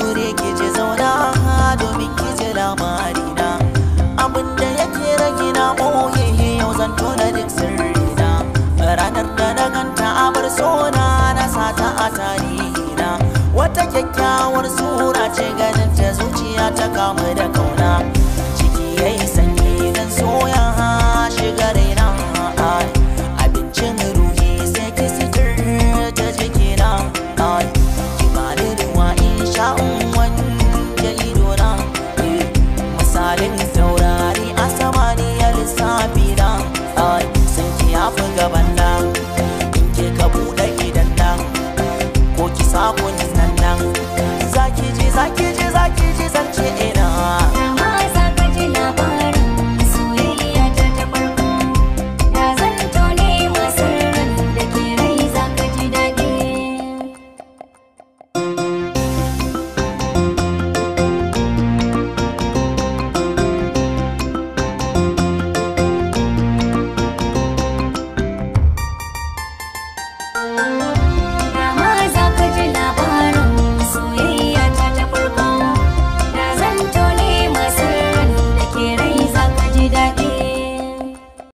Kure ki je zauna domin ki ji labari na ya yake rage na boye yau zan tona duk sirri na ranar da na ganta bar sona na sata a tarihina na wata kyakkyawar sura ce ganin ta zuciya ta kamu da kawai